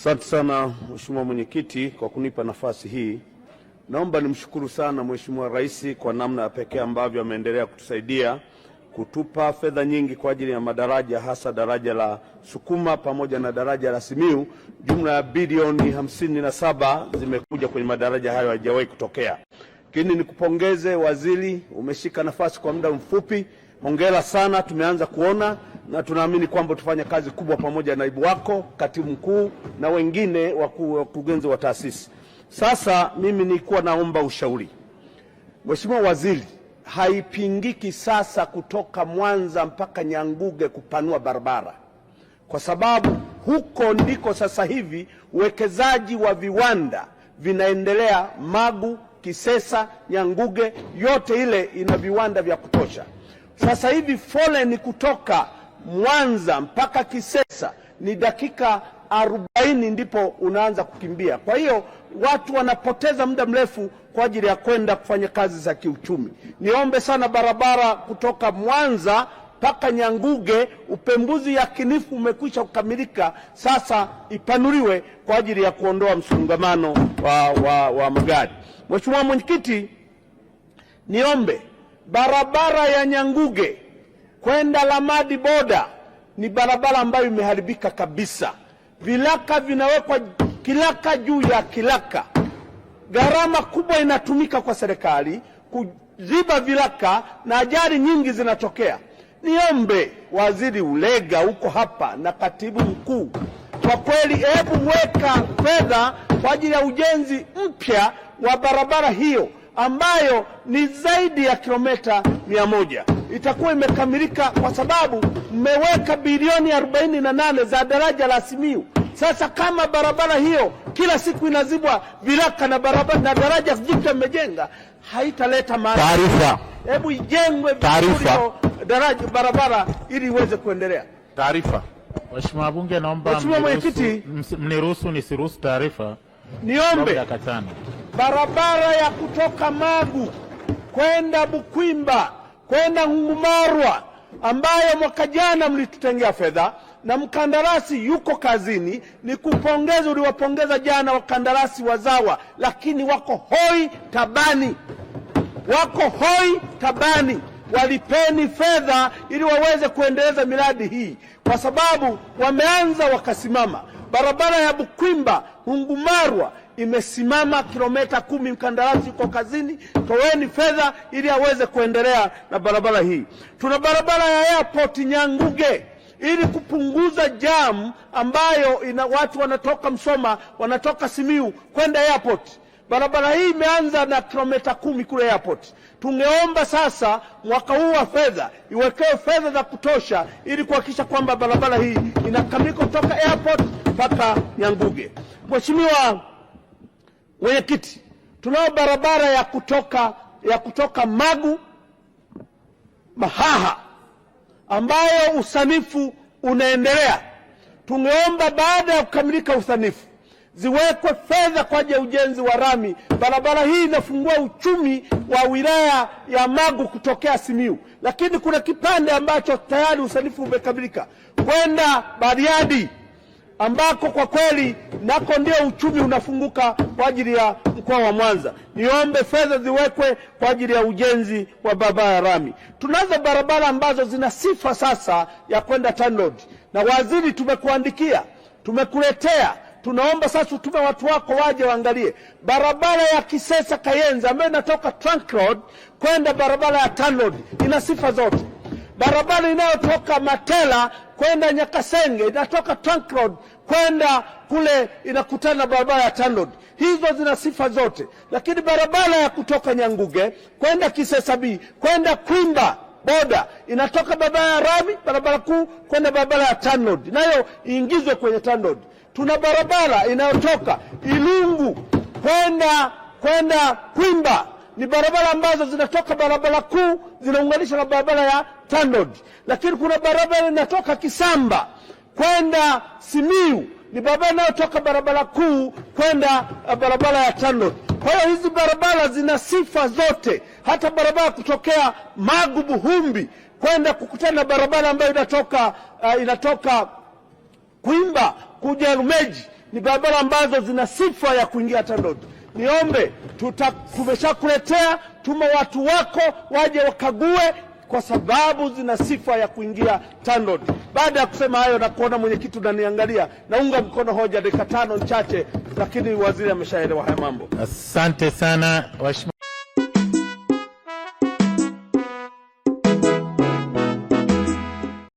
Asante sana Mheshimiwa Mwenyekiti kwa kunipa nafasi hii. Naomba nimshukuru sana Mheshimiwa Rais kwa namna ya pekee ambavyo ameendelea kutusaidia kutupa fedha nyingi kwa ajili ya madaraja hasa daraja la Sukuma pamoja na daraja la Simiu. Jumla ya bilioni hamsini na saba zimekuja kwenye madaraja hayo, haijawahi kutokea. Lakini nikupongeze waziri, umeshika nafasi kwa muda mfupi, hongera sana. Tumeanza kuona na tunaamini kwamba utafanya kazi kubwa pamoja na naibu wako, katibu mkuu na wengine wakurugenzi wa taasisi. Sasa mimi nilikuwa naomba ushauri, Mheshimiwa Waziri, haipingiki sasa kutoka Mwanza mpaka Nyanguge kupanua barabara, kwa sababu huko ndiko sasa hivi uwekezaji wa viwanda vinaendelea. Magu, Kisesa, Nyanguge, yote ile ina viwanda vya kutosha. Sasa hivi foleni kutoka Mwanza mpaka Kisesa ni dakika arobaini ndipo unaanza kukimbia. Kwa hiyo watu wanapoteza muda mrefu kwa ajili ya kwenda kufanya kazi za kiuchumi. Niombe sana barabara kutoka Mwanza mpaka Nyanguge, upembuzi yakinifu umekwisha kukamilika, sasa ipanuliwe kwa ajili ya kuondoa msongamano wa, wa, wa magari. Mheshimiwa Mwenyekiti, niombe barabara ya Nyanguge kwenda Lamadi boda ni barabara ambayo imeharibika kabisa, vilaka vinawekwa kilaka juu ya kilaka. Gharama kubwa inatumika kwa serikali kuziba vilaka na ajali nyingi zinatokea. Niombe waziri Ulega huko hapa na katibu mkuu, kwa kweli, hebu weka fedha kwa ajili ya ujenzi mpya wa barabara hiyo ambayo ni zaidi ya kilomita mia moja itakuwa imekamilika kwa sababu mmeweka bilioni 48 za daraja la simiu Sasa kama barabara hiyo kila siku inazibwa viraka na barabara na daraja jipya mmejenga, haitaleta maana. hebu ijengwe taarifa daraja barabara ili iweze kuendelea. Taarifa. Mheshimiwa Bunge, naomba Mheshimiwa Mwenyekiti, mniruhusu nisiruhusu taarifa. Niombe barabara ya kutoka Magu kwenda Bukwimba kwenda Marwa ambayo mwaka jana mlitutengea fedha na mkandarasi yuko kazini. Ni kupongeza, uliwapongeza jana wakandarasi wazawa, lakini wako hoi tabani, wako hoi tabani. Walipeni fedha ili waweze kuendeleza miradi hii, kwa sababu wameanza wakasimama. Barabara ya Bukwimba Hungumarwa imesimama kilomita kumi, mkandarasi yuko kazini. Toweni fedha ili aweze kuendelea na barabara hii. Tuna barabara ya airport Nyanguge ili kupunguza jamu ambayo ina watu wanatoka Msoma, wanatoka Simiu kwenda airport. Barabara hii imeanza na kilomita kumi kule airport. Tungeomba sasa mwaka huu wa fedha iwekewe fedha za kutosha ili kuhakikisha kwamba barabara hii inakamilika kutoka airport mpaka Nyanguge. Mheshimiwa Mwenyekiti, tunao barabara ya kutoka, ya kutoka Magu Mahaha ambayo usanifu unaendelea. Tungeomba baada ya kukamilika usanifu ziwekwe fedha kwa ajili ya ujenzi wa rami. Barabara hii inafungua uchumi wa wilaya ya Magu kutokea Simiu, lakini kuna kipande ambacho tayari usanifu umekamilika kwenda Bariadi ambako kwa kweli nako ndio uchumi unafunguka kwa ajili ya mkoa wa Mwanza. Niombe fedha ziwekwe kwa ajili ya ujenzi wa barabara ya rami. Tunazo barabara ambazo zina sifa sasa ya kwenda TANROAD, na waziri, tumekuandikia tumekuletea tunaomba sasa utume watu wako waje waangalie barabara ya Kisesa Kayenza ambayo inatoka Trunk Road kwenda barabara ya TANROAD ina sifa zote barabara inayotoka Matela kwenda Nyakasenge, inatoka Trunk Road kwenda kule inakutana na barabara ya TANROAD. Hizo zina sifa zote, lakini barabara ya kutoka Nyanguge kwenda Kisesabii kwenda Kwimba boda inatoka barabara ya rami barabara kuu kwenda barabara ya TANROAD, nayo iingizwe kwenye TANROAD. Tuna barabara inayotoka Ilungu kwenda kwenda Kwimba ni barabara ambazo zinatoka barabara kuu zinaunganisha na barabara ya Tandod, lakini kuna barabara inatoka Kisamba kwenda Simiu ni barabara inayotoka barabara kuu kwenda eh, barabara ya Tandod. Kwa hiyo hizi barabara zina sifa zote, hata barabara kutokea Magu Buhumbi kwenda kukutana na barabara ambayo inatoka, uh, inatoka Kwimba kuja Rumeji ni barabara ambazo zina sifa ya kuingia Tandod niombe tuta, tumeshakuletea tuma watu wako waje wakague, kwa sababu zina sifa ya kuingia TANROADS. Baada ya kusema hayo na kuona mwenyekiti unaniangalia, naunga mkono hoja dakika tano chache, lakini waziri ameshaelewa haya mambo. Asante sana waheshimiwa.